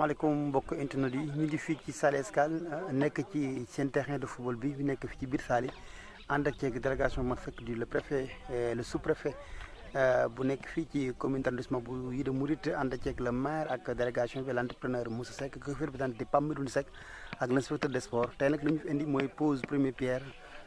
maaleykum mbokk internet yi ñu di fii ci Saly Escale euh, nekk ci seen terrain de football bi nekk fii ci biir saali ànd ak ceeg délégation man fekk di le préfet euh, le sous-préfet euh, bu nekk fii ci commune d'arrondissement bu Ida Mouride ànd ak ceeg le maire ak délégation bi l'entrepreneur Moussa Seck ko fi représenté Pape Medoune Seck ak l'inspecteur des sports tey nag li ñu fi indi mooy pose première pierre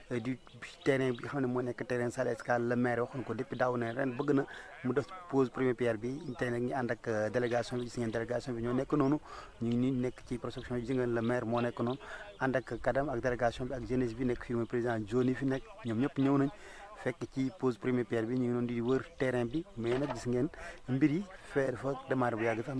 Euh, du terrain bi xam ne moo nekk terrain Saly Escale la maire waxoon ko depuis daaw ne ren bëgg na mu def pose première pierre bi tey nag ñu ànd ak euh, délégation bi gis délégation bi ñoo nekk noonu ñu ngi nekk ci prospection bi gis ngeen la maire moo nekk bi ak jeunesse bi nekk fii mooy président Johnny fi nekk ñoom ñëpp ñëw nañ fekk ci pose première pierre bi ñu ngi doon di wër terrain bi mais nag gis ngeen mbir yi fee dafa démarré bu yàgg sax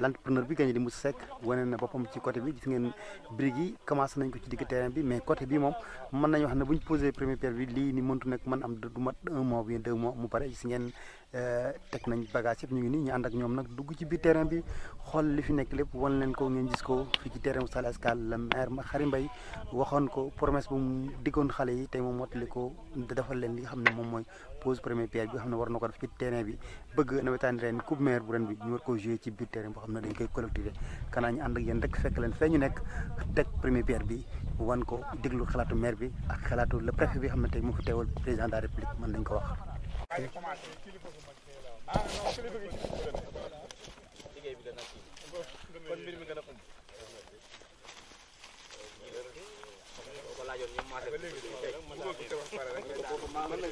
l'entrepreneur bi gagné di Moussa Seck wane na boppam ci côté bi gis ngeen briques yi commencé nañ ko ci digg terrain bi mais côté bi moom mën nañu wax ne bu ñu posé première pierre bi lii ni mëntu nekk mën am du mat un mois ou bien deux mois mu pare gis ngeen tek nañ bagage yëpp ñu ngi nii ñu ànd ak ñoom nag dugg ci biir terrain bi xool li fi nekk lépp wan leen ko ngeen gis ko fii ci terrain bu Saly Escale la maire Khary Mbaye waxoon ko promesse bu mu diggoon xale yi tey moom mottali ko defal leen li nga xam ne moom mooy pose premier pierre bi nga xam ne war na ko def ci terrain bi bëgg nawetaan ren coupe maire bu ren bi ñu war ko jouer ci biir terrain boo xam ne dañ koy collectiver kanaa ñu ànd ak yéen rek fekk leen fee ñu nekk teg premier pierre bi wan ko déglu xalaatu maire bi ak xalaatu le préfet bi xam ne tey mu fi teewal président de la république man nañ ko wax ah non kilifa ci biir la nekk liggéey bi a ñu maase ba nga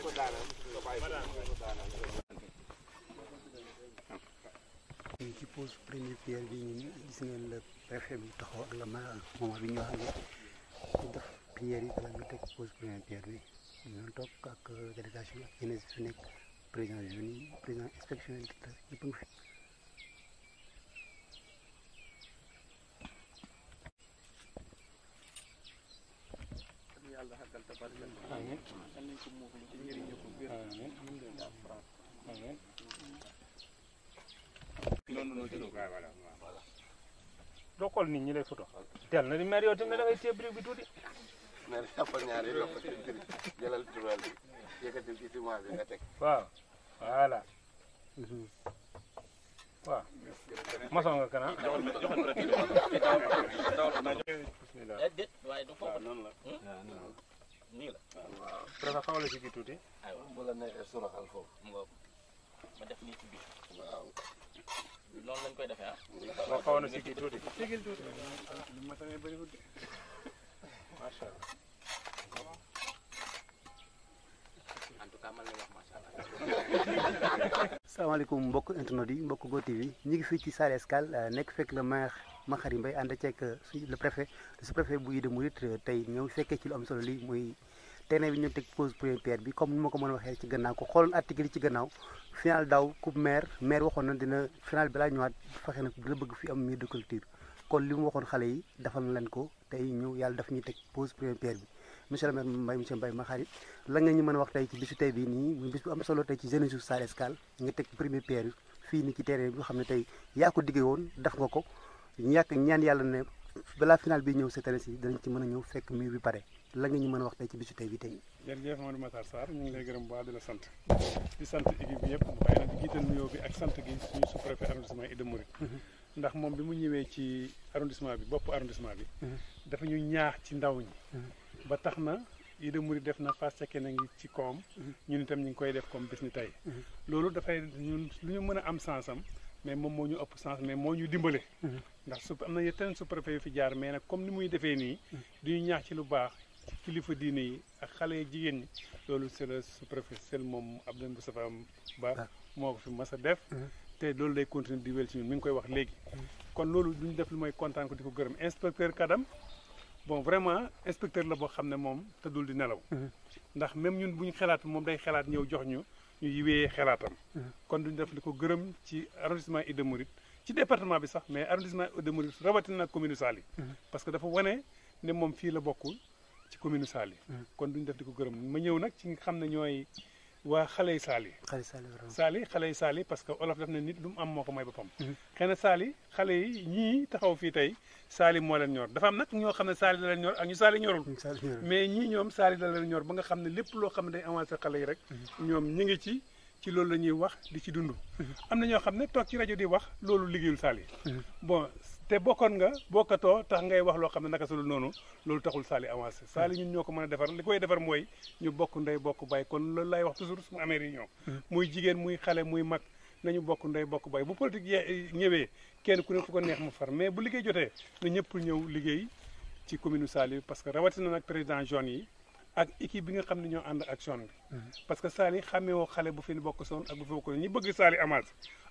ci pose première bi gis ngeen la préfet bi taxaw ak la ma moment bi ñu wax ne def pierre yi balaa ñu pose première pierre bi ñu toog ak délégation ak jeunesse fi nekk président yi président inspection yi ñëpp ngi fi yàlla xagal te barke amiin am nañ ko muuflu ci njëriñu ko biir na di maire yow tamit da ngay téye brique bi tuuti yëkkatil ci ciment bi nga teg. waaw voilà. waaw. maçon nga kana. bismillah. waaye du foofu noonu la. nii la. waaw. dafa xaw la ci kii tuuti. aywa bu la neexee suraxal foofu. ma def nii ci biir. waaw. noonu lañ koy defee ah. waaw xaw na si kii tuuti. sigil tuuti. li ma tamit bëriwul de. macha allah. salaamaaleykum mbokk internet yi mbokk Go bi ñu ngi fii ci Saly Escale euh, nekk fekk le ma Makhary Mbaye ànd ceeg euh, le préfet le sous-préfet bu mu Mouride euh, tey ñëw fekkee ci lu am solo lii muy terrain bi ñu teg pose première pierre bi comme nu ma ko mën waxee ci gannaaw ko xooloon article yi ci gannaaw final daaw coupe maire maire waxoon na dina final bi laa ñëwaat fexe na dina bëgg fi am miir de culture kon li mu waxoon xale yi defal na leen ko tey ñëw yàlla daf ñuy teg pose première bi monsieur le maire mbay monsieur mbay makhari la nga ñu mëna wax tay ci bisu tay bi ni muy bis am solo tay ci jeunesse su Saly Escale nga tek premier père fi ni nii ci terrain bu xamne tay ya ko diggee won def nga ko ñak ñaan yalla ne balaa final bi ñew cette année ci dañ ci mëna ñew fekk mi bi paré la nga ñu mëna wax tay ci bisu tay bi tay tey jërëjëf Mamadou Matar sar ñu ngi lay gërëm ba baax di la sant di sant équipe bi yépp waaye nag di jiital nuyo bi ak sant gi suñu sous préfet arrondissement Ida Mouride mhm. ndax mom bi mu ñëwé ci arrondissement bi bop arrondissement bi mhm. dafa ñu ñaax ci ndaw ñi mhm. ba tax na Ida Mouride def na Fass Cekkeen a ngi ci koom mhm. ñun itam ñu ngi koy def comme bis ni tey mhm. loolu dafay ñun lu ñu mën a am sansam mais moom moo ñu ëpp sens mais moo ñu dimbale mhm. ndax su am na yeneen sous-préfet yu fi jaar mais nag comme ni muy defee nii duñu ñaax ci lu baax ci kilifa diine yi ak xale yi jigéen ñi loolu c'est le moom ab sel moom Abdou Moustapha Ba ah. moo ko fi mas a def te loolu day continuer di wel ci ñun mi ngi koy wax léegi kon loolu duñu def lu mooy kontaan ko di ko gërëm inspecteur Kadam bon vraiment inspecteur la boo xam ne moom te tëddul di nelaw. Mhm. ndax même ñun bu ñu xalaat moom day xalaat ñëw jox ñu ñu yiwee xalaatam. Mhm. kon duñu def di ko gërëm ci arrondissement Ida Mouride ci département bi sax mais arrondissement Ida Mouride rawatina commune Saly. Mhm. parce que dafa wane ne moom fii la bokkul ci commune Saly. kon duñu def di ko gërëm ma ñëw nag ci nga xam ne ñooy. waa xale yi saali saali xale yi saali parce que olof daf na nit lu mu am moo ko may boppam xëy na saali xale yi ñii taxaw fii tey saali moo leen ñor dafa am nag ñoo xam ne saali da leen ñor ak ñu saali ñorul mais ñii ñoom saali da leen ñor ba nga xam ne lépp loo xam ne day avancé xale yi rek ñoom ñu ngi ci ci loolu la ñuy wax di ci dund am na ñoo xam ne toog ci rajo di wax loolu liggéeyul saali bon te bokkoon nga bokkatoo tax ngay wax loo xam ne naka su noonu loolu taxul saali avancé saali ñun ñoo ko mën a defar li koy defar mooy ñu bokk ndey bokk bay kon loolu lay wax toujours su amee réunion hmm. muy jigéen muy xale muy mag na ñu bokk ndey bokk bay bu politique ñëwee kenn ku ne fu ko neex mu far mais bu liggéey jotee na ñëpp ñëw liggéey ci commune saali parce que rawatina nag président jeunes yi ak équipe bi nga xam ne ñoo ànd action bi. Mhm. parce que Saly xàmmee woo xale bu fi bokk soon ak bu fi bokk ñi bëgg Saly Amaz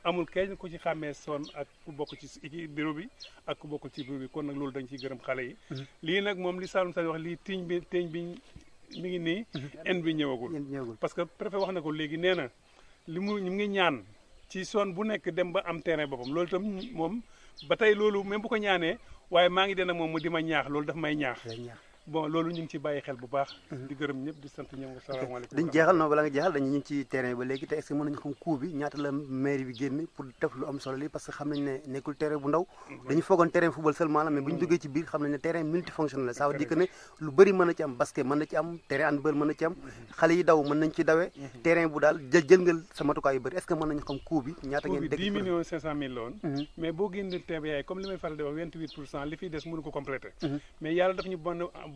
amul kenn ku ci xàmmee soon ak ku bokk ci équipe bureau bi ak ku bokk ci bureau bi kon nag loolu dañ ciy gërëm xale yi. Mhm. lii nag moom li Saloum Saly wax lii tiñ bi tiñ bi mi ngi nii. Mhm. en bi ñëwagul parce que préfet wax na ko léegi nee na li mu ñu ngi ñaan ci soon bu nekk dem ba am terrain boppam loolu itam moom ba tey loolu même bu ko ñaanee waaye maa ngi dana moom mu di ma ñaax loolu daf may ñaax. bon loolu ñu ngi ci bàyyi xel bu baax. di gërëm ñëpp di sant ñoom salaamaaleykum. dañ jeexal non bala nga jeexal dañ ñu ci terrain ba léegi te est-ce que mën nañu xam coup bi ñaata la maire bi génne pour def lu am solo li parce que xam nañ ne nekkul terrain bu ndaw. dañu foogoon terrain football seulement la mais bu ñu duggee ci biir xam nañ ne terrain multifonctionnel la ça veut dire que ne lu bëri mën na ci am basket mën na ci am terrain handball mën na ci am xale yi daw mën nañ ci dawee. terrain bu daal jël jël nga sa matukaay yu bëri est-ce que mën nañu xam coup bi ñaata ngeen dégg 10 millions 500 mille la woon mais boo génne TVA comme li may faral di wax 28 pour cent li fi des mënu ko compléter mais yàlla daf ñu bon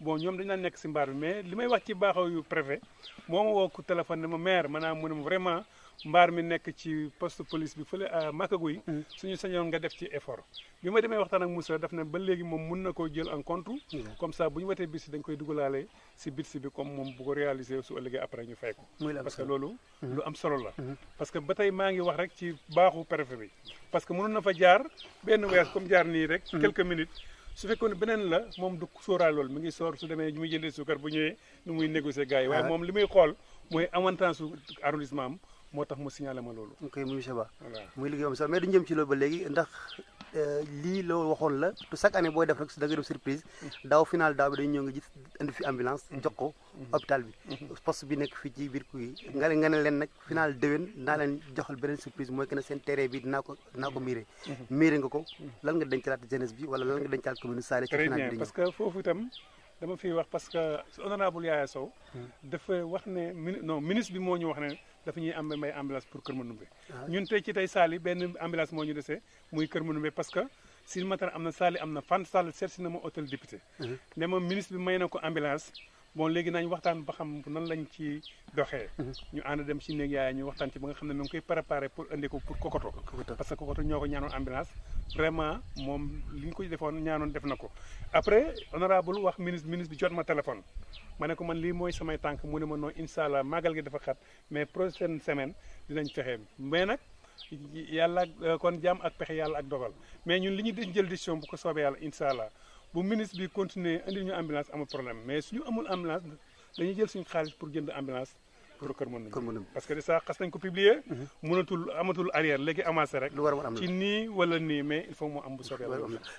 bon ñoom dañu naan nekk si mbaar bi mais li may wax ci baaxaw yu préfet moo ma woo ku téléphone ne ma maire maanaam mu ne vraiment mbaar mi nekk ci poste police bi fële à euh, Makagu yi mm. suñu sañoon nga def ci effort bi ma demee waxtaan ak Moussa daf ne ba léegi moom mun na koo jël en compte mm. comme ça bu ñu watee bis dañ koy dugalaale si bit bi comme moom bu ko réaliser su ëllëgee après ñu fay ko parce que loolu mm-hmm. lu am solo la mm-hmm. parce que ba tey maa ngi wax rek ci baaxu préfet bi parce que mënoon na fa jaar benn weer comme jaar nii rek mm. quelques minutes su fekkoon beneen la moom du sóoraale loolu mi ngi soor su demee ñu muy jëndee suukar bu ñëwee nu muy négocier gars yi waaye ah. moom li muy xool mooy avantage su arrondissement am moo tax mu signalé ma loolu ok monsieur Ba muy liggéeyam sax mais dañu jëm ci loolu ba léegi ndax Euh, lii la waxoon la chaque année booy def rek da nga def surprise daaw final daaw bi dañu ñëw nga gis indi fi ambulance jox ko hôpital bi poste bi nekk fii ci biir nga nga leen nag final déwén naa leen joxal beneen surprise mooy que seen terrain bi dinaa ko dinaa ko miiré miiré nga ko lan nga dencalaat jeunesse bi wala lan nga dencalaat commune Saly ci final bi parce que foofu wax parce que honorable Yaya Sow hmm. dafa wax ne ministre bi moo ñu wax ne dafa ñuy am may ambulance pour Kër Mandoumbe ah, ñun tey ci tey saali benn ambulance moo ñu desee muy Kër Mandoumbe parce que si matin am na saali am na fan saal seet si na ma hôtel député uh-huh. ne ma ministre bi may na ko ambulance bon léegi nañ waxtaan ba xam nan lañ ci doxee uh-huh. ñu ànd dem ci néeg yaaya ñu waxtaan ci ba nga xam ne ma koy préparé pour andi ko pour kokoto parce que kokoto ñoo ko ñaanoon ambulance vraiment moom li ñu ko defoon ñaanoon def na ko après honorable wax ministre ministre bi jot ma téléphone ma ne ko man lii mooy samay tànk mu ne ma non incha allah màggal gi dafa xat mais prochaine semaine dinañ fexe mais nag yàlla euh, kon jaam ak pexe yàlla ak dogal mais ñun li ñu di jël décision bu ko soobee yàlla incha allah bu ministre bi continuer indi ñu ambulance amul problème mais suñu amul ambulance dañuy jël suñu xaalis pour jënd ambulance parce que ça xas nañ ko publier mënatul mhm. amatul arrière léegi avancé rek ci nii wala nii mais il faut mu am bu soobee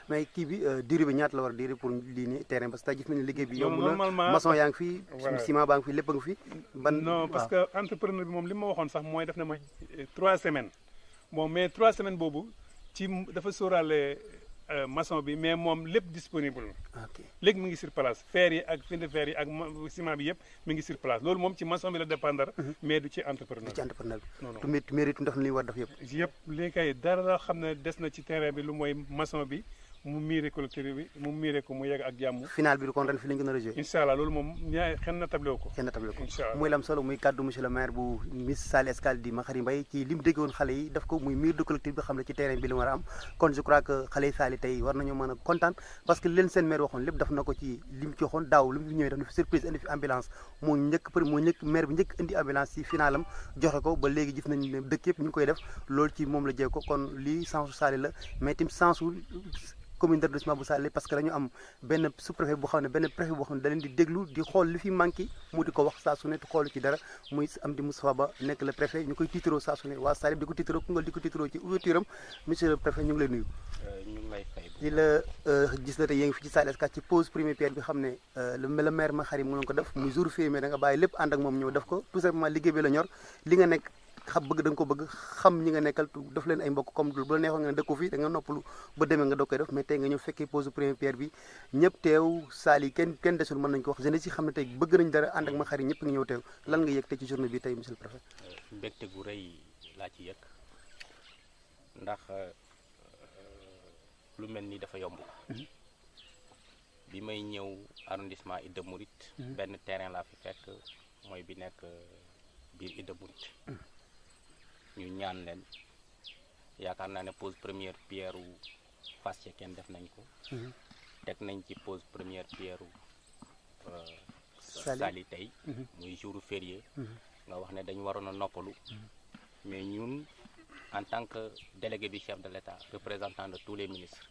mais kii bi euh, durée bi ñaata la war a pour lii nii terrain parce que gis nañu liggéey bi yomb na maçon yaa ngi fi ciment ngi fi lépp ngi fi ban non parce que entrepreneur bi moom li ma waxoon sax mooy def na ma euh, trois semaines boobu ci dafa sóoraale Euh, maçon bi mais moom lépp disponible na. léegi mi ngi sur place fer yi ak findi fer yi ak ciment bi yëpp mi ngi sur place loolu moom ci maçon bi la dépendre. Mhm. mais du ci entrepreneur. du ci entrepreneur bi. mérite ndax li war def yëpp. yëpp léegi kay dara xam ne des na ci terrain bi lu mooy maçon bi. mu miiree ko la terrain bi mu miiree ko mu yegg ak jàmm. final bi du kon ren fi lañ gën a rejoué. incha allah loolu moom ñaar xëy na tablé ko. xëy na tablé ko muy lam solo muy kaddu mu dégg woon maire bi njëkk indi ambulance ci finalam joxe ko ba léegi gis nañ ne dëkk yëpp ñu koy def loolu ci moom la jee ko kon lii sensu Saly la mais sensu commune d' arrondissement bu Saly parce que dañu am benn sous préfet bu xam ne benn préfet boo xam ne da leen déglu di xool li fi manqué mu di ko wax saa su ne xoolu ci dara muy am di Moustapha Ba nekk le préfet ñu koy tiitaroo saa ne waa Saly di ko tiitaroo Koungheul di ko tiitaroo ci ouverture am monsieur ñu ngi lay nuyu euh, di la euh, gis na te yéen ngi fi ci Saly Escale ci pose première pierre bi xam ne euh, le maire Makhari mu ngi ko def muy jour férié xam bëgg dañ ko bëgg xam ñi nga nekkal daf leen ay mbokk comme dul bu la neexoon nga ne dëkku fi da nga noppalu ba demee nga doog def mais tey nga ñëw fekkee pose premier pierre bi ñëpp teew saal yi kenn kenn desul mën nañ ko wax jeunesse yi xam ne tey bëgg nañ dara ànd ak ma xarit ñëpp nga ñëw teew lan nga yëg tey ci journée bi tey monsieur le préfet mbégte gu rëy laa ci yëg ndax euh, lu mel ni dafa yomb mhm. bi may ñëw arrondissement Idda Mouride mhm. benn terrain laa fi fekk mooy bi nekk euh, biir Idda Mouride mhm ñu ñaan leen yaakaar naa ne pose première pierre wu fas ya kenn def nañ ko teg nañ ci pose première pierre wu sali tey hmm. muy jour férié hmm. nga wax ne dañ waroon a noppalu mais hmm. ñun en tant que délégué du chef de l'état représentant de tous les ministres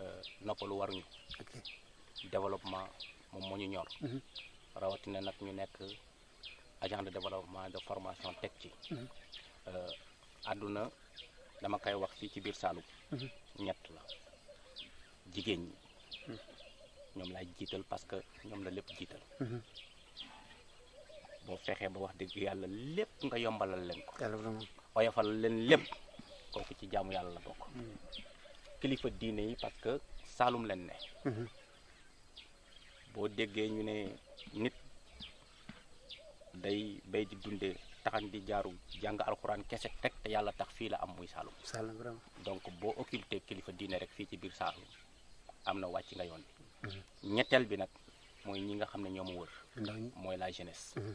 eh, noppalu waruñu développement moom moo ñu ñor rawatina nag ñu nekk agent de développement de formation teg ci Euh, àdduna dama koy wax fii ci biir Saalum. Mhm. ñett la jigéen ñi. Mhm. ñoom lay jiital parce que ñoom la lépp jiital. Mhm. boo fexee ba wax dëgg yàlla lépp nga yombalal leen ko. oyofal leen lépp kooku ci jaamu yàlla la bokk. kilifa diine yi parce que Saalum leen ne. boo déggee ñu ne nit day bay di dundee. di jarum jang alquran kesse tek te yalla tax fi la am muy salum salum ram donc bo occulté kilifa diine rek fi ci bir salum amna wacc nga yoon bi. Mhm. bi nag moy ñi nga xamne ne wër. moy la jeunesse. Mhm.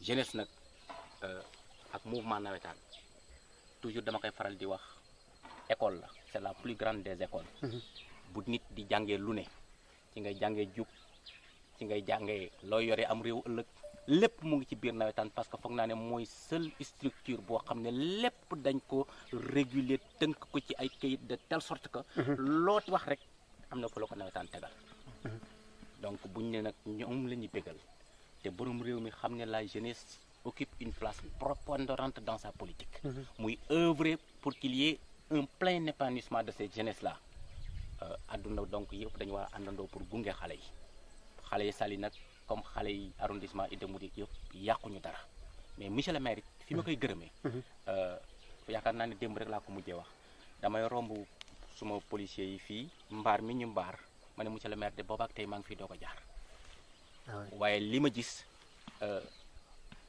jeunesse euh ak mouvement nawetal toujours dama kay faral di wax école la c'est la plus grande des écoles. Mhm. bu nit di jangé lu ne ci ngay jangé juk ci ngay jangé lo yoré am rew ëllëg lepp mu ngi ci biir nawetaan parce que foog naa ne mooy seul structure boo xam ne lépp dañ ko réguler tënk ko ci ay kayit de telle sorte que mhm. loo wax rek am na fu la ko nawetaan tegal donc buñ ne nag ñoom la ñuy bégal te borom réew mi xam ne la jeunesse occupe une place prépondérante dans sa politique mhm. muy œuvrer pour qu'il y ait un plein épanouissement de cette jeunesse là aduna euh, donc yépp dañ wara a àndandoo pour gunge xale yi xale yi sali nag comme xalé yi arrondissement idée mu dik yëpp yàquñu dara mais monsieur le maire fi ma koy gërëmee mhm. euh yaakaar na ni demb rek la ko mujjé wax damay rombu suma policier yi fi mbar mi ñu mbar mané monsieur le maire de bobak tay ma ngi fi doga jaar ah waaye li ma gis euh,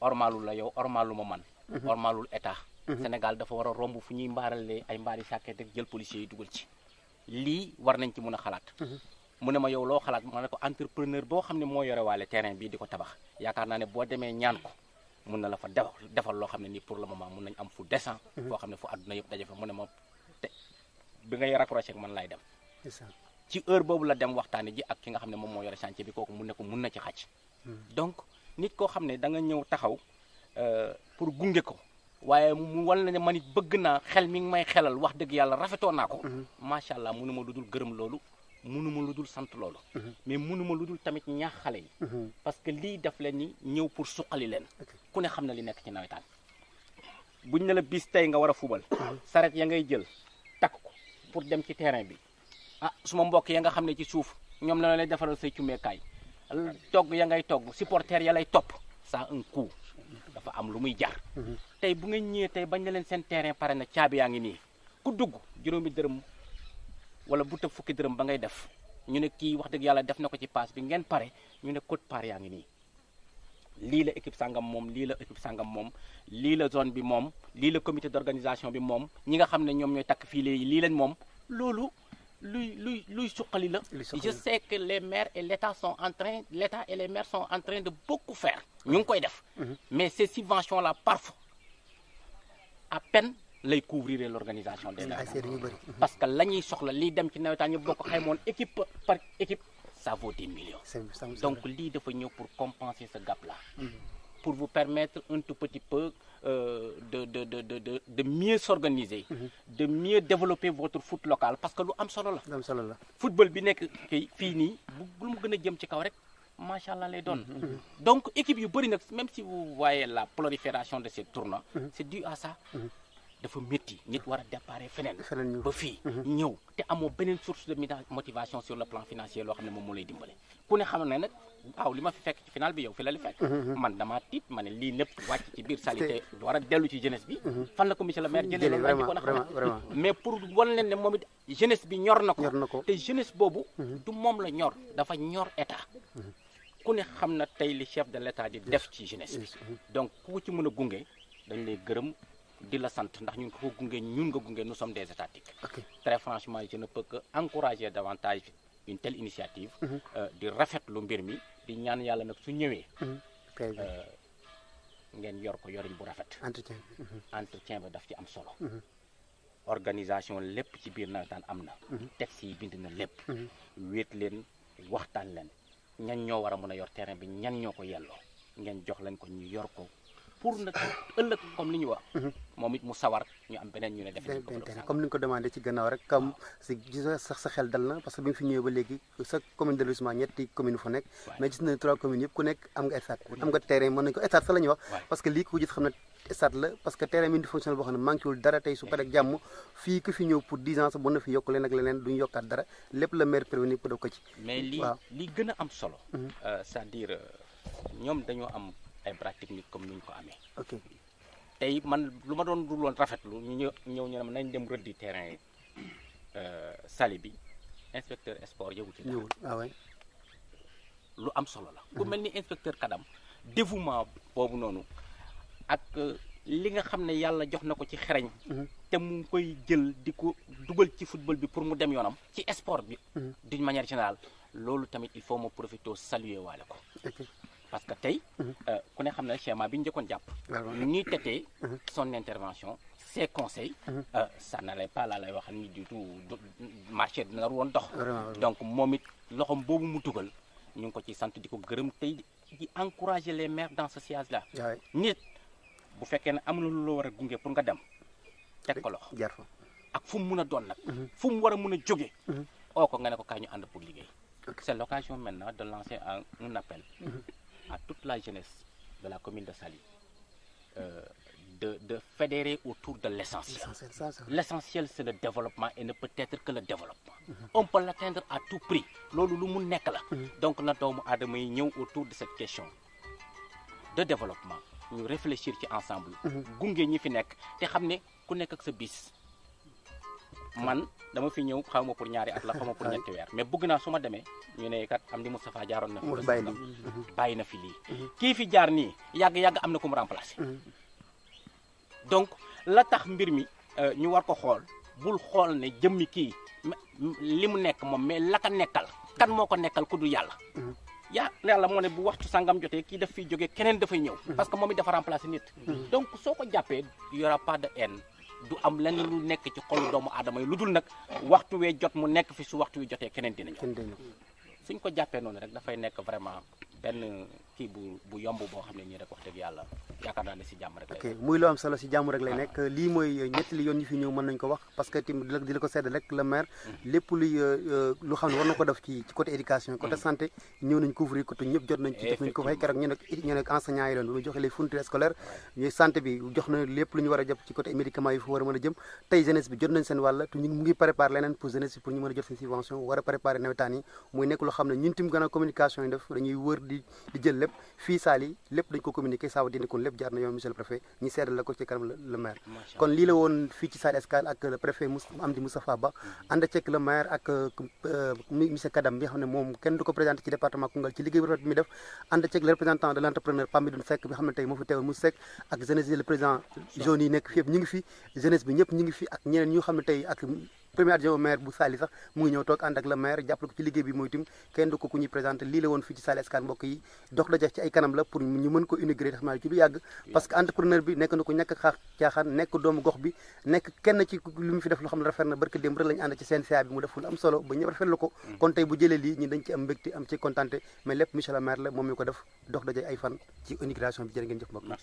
ormalul la yow ormalul ma man mhm. ormalul état mhm. sénégal dafa wara rombu fu ñuy mbaaralee ay mbari sàkket def jël policier yi duggal ci li war nañ ci mëna xalaat mu ne ma yow loo xalaat ma ne ko entrepreneur boo xam ne moo yore waale terrain bii di ko tabax yaakaar naa ne boo demee ñaan ko mun na la fa defal loo xam ne nii pour la ma moment mun nañ am fu décent mhm. foo xam ne fu àdduna yëpp daje fa mu ne ma te bi ngay raccroché ak man laay dem ci heure boobu la dem waxtaane ji ak ki nga xam ne moom moo yore chantier bi kooku mu ne ko mun na ci xaj mhm. donc nit koo xam ne da nga ñëw taxaw euh, pour gunge ko waaye mu wal na man it bëgg naa xel mi ngi may xelal wax dëgg yàlla rafetoo naa ko mhm. macha allah mënu ma lu dul gërëm loolu mënuma ludul sant loolu mhm. mais mënuma ludul tamit ñaax xale yi mhm. parce que lii daf leen ni ñëw pour suqali leen ku ne na li nekk ci nawetaan buñ la bis tey nga war fubal mhm. saret ya ngay jël takk ko pour dem ci terrain bi ah suma mbokk ya nga xam ne ci suuf ñoom la lay defaral say cummeekaay togg ya ngay togg supporter ya lay top, ça un coup dafa am lu muy jar tey bu nga ñëwee tey bañ na leen seen terrain na caabi yaa ngi nii ku dugg juróomi wala bu tëb fukki dërëm ba ngay def ñu ne ki wax deug yalla def nako ci paas bi ngeen paré ñu ne code part yaangi ni li la équipe sangam mom li la équipe sangam mom li la zone bi mom li la comité d'organisation bi mom ñi nga xamné ñom ñoy tak fi li léegi lii lañ moom loolu luy luy luy suqali la je sais que les maires et l'État sont en train l'État et les maires sont en train de beaucoup faire ñu ngi koy def mhm. mais ces subventions là parfois à peine les couvrir l'organisation des parce que l'année sur soxla li dem ci équipe par équipe ça vaut des millions donc l'idée dafa ñeu pour compenser ce gap là mm-hmm. pour vous permettre un tout petit peu euh, de de de de de mieux s'organiser mm-hmm. de mieux développer votre foot local parce que nous football bi fini kay vous donne. donc équipe même si vous voyez la prolifération de ces tournois mm-hmm. c'est dû à ça dafa métti nit war a déparé feneen ba fii mhm. ñëw te amoo beneen source de motivation sur le plan financier loo xam ne moom moo lay dimbale ku ne xam ne nag waaw li ma fi fekk ci final bi yow fi la li fekk mhm. man dama tiit ma ne lii lépp wàcc ci biir salité war a dellu ci jeunesse bi mhm. fan la ko monsieur le maire jëlee leen ko na mais pour wan leen ne moom it jeunesse bi ñor na ko te jeunesse boobu du moom la ñor dafa ñor état ku ne xam na tey li chef de l'état di def ci jeunesse bi donc ku ci mën a gunge dañ lay gërëm de la santé. ndax ñun ko ñun nga nous sommes des étatiques. très franchement je ne peux que encourager davantage une telle initiative. Mhm. Euh, di rafetlu mbir birmi, di ñaan yàlla nag su ñëwee. Mhm. Euh, ngeen yor ko yorin bu entretien mhm. entretien ba daf ci am solo. organisation lepp ci bir nawetaan amna. na. texte yi bind na lepp wéet leen waxtaan leen ñan ñoo war a yor terrain bi ñan ñoo ko yelloo ngeen jox leen ko ñu yor ko. pour nag ëllëg comme li ñu wax. Mhm. moom it mu sawar ñu am beneen ñu ne def nañ comme ni nga ko demandé ci gannaaw rek comme si gis sax sa xel dal na parce que bi mu fi ñëwee ba léegi sa commune de ñetti commune fa nekk. mais gis nañu trois communes yëpp ku nekk am nga état. am nga ko état sax la wax. parce que lii ku gis xam ne état la parce que terrain multifonctionnel boo xam ne manqué dara tey su paree jàmm fii ku fi ñëw pour dix ans mën na a am ay bras technique comme ni ñu ko amee. ok tey man lu ma doon dul woon rafetlu ñu ñëw ñu ne ma nañ dem rëddi terrain euh, sali bi inspecteur sport yëngu ci dara. Ah lu am solo la. ku mel ni inspecteur Kadam dévouement boobu noonu ak euh, li nga xam ne yàlla jox na ko ci xereñ. Mhm. te mu ngi koy jël di ko dugal ci football bi pour mu dem yoonam. ci sport bi. Mhm. d'une manière générale loolu tamit il faut ma profiter saluer waale ko. parce que tey mhm. euh, ku ne xam ne schéma bi ñu njëkkoon jàpp ñuy mhm. son intervention ses conseils mhm. euh, ça n'allait pas laa lay wax ni du tout marché dina won dox donc momit loxom bobu mu dugal ñu ko ci sant diko ko gërëm tey di encourager les maires dans ce siège là nit bu fekké ne amul lu la war pour nga dem teg ko lox jar ak fu mu mun a doon nag fu mu wara a mun a jóge oh, nga ne ko kaay ñu pour liggéey c'est l'occasion maintenant de lancer un appel la jeunesse de la commune de Sali euh, de, fédérer autour de l'essentiel. L'essentiel, c'est le développement et ne peut être que le développement. On peut l'atteindre à tout prix. Mhm. Donc, nous avons autour de cette question de développement. Nous réfléchir ensemble. Nous avons fait des Nous dama fi ñew xawma pour ñaari at la xawma pour ñetti weer mais bëgg na suma démé ñu né kat am di Moustapha jaaroon na fi bayina bayina fi mhm. li mhm. ki fi jaar ni yag yag am na ku mu remplacer mhm. donc la tax mbir mi euh, ñu war ko xol bul xol ne jëmm ki limu nekk mom mais la ka nekkal kan moko nekkal ku du yalla ya yalla mo ne bu waxtu sangam joté ki daf fiy jógee keneen fay ñew parce que momi dafa remplacer nit donc soko jappé il y aura pas de haine du am lenn lu nekk ci xolu doomu adama yi lu dul nag waxtu wee jot mu nekk fi su waxtu wi jotee keneen dina ñëw suñ ko jàppee noonu rek dafay nekk vraiment benn kii bu yomb boo xam ne ñii rek wax dëgg yàlla muy lu solo si jàmm rek lay nekk lii mooy euh, ñetti li yoon ñu fi ñëw mën nañu ko wax parce que di la ko sedd rek le maire mm. lépp euh, euh, lu xam def ci côté éducation côté mm. ñu santé bi jox na lépp lu ñu war a jëm tey jeunesse bi jot nañ seen wàll te ñu mu ngi préparé leneen pour jeunesse bi pour ñu mën a jot seen subvention war a préparé nawetaan yi nekk loo xam ne ñun tim gën communication def dañuy wër di di lépp fii saali lépp dañ ko communiqué ça veut dire kon lépp jaar na yow monsieur le préfet ñu seedal la ko ci kanam le maire kon lii la woon fii ci Saly Escale ak le préfet Mous Amdi Moustapha Ba mhm. ànd ceeg le maire ak euh, monsieur Kadam bi nga xam ne moom kenn du ko présenté ci département Koungheul ci liggéey bu rafet mi def ànd ceeg le représentant de l' entrepreneur Pamidoune Seck bi xam ne tey moo fi teewal Mous Seck ak jeunesse le président jeunes yi nekk fi yëpp ñu ngi fi jeunesse bi ñëpp ñu ngi fi ak ñeneen ñu xam ne tey ak premier adjoint au maire bu Saly sax mu ngi ñëw toog ànd ak le maire jàppale ko ci liggéey bi mooy tim kenn du ko ku ñuy présenté lii la woon fii ci Saly Escale mbokk yi dox daja ci ay kanam la pour ñu mën ko mu fi def loo xam ne rafet na barke démb mm. dox daja ay fan ci intégration bi jërë ngeen jëf mbokk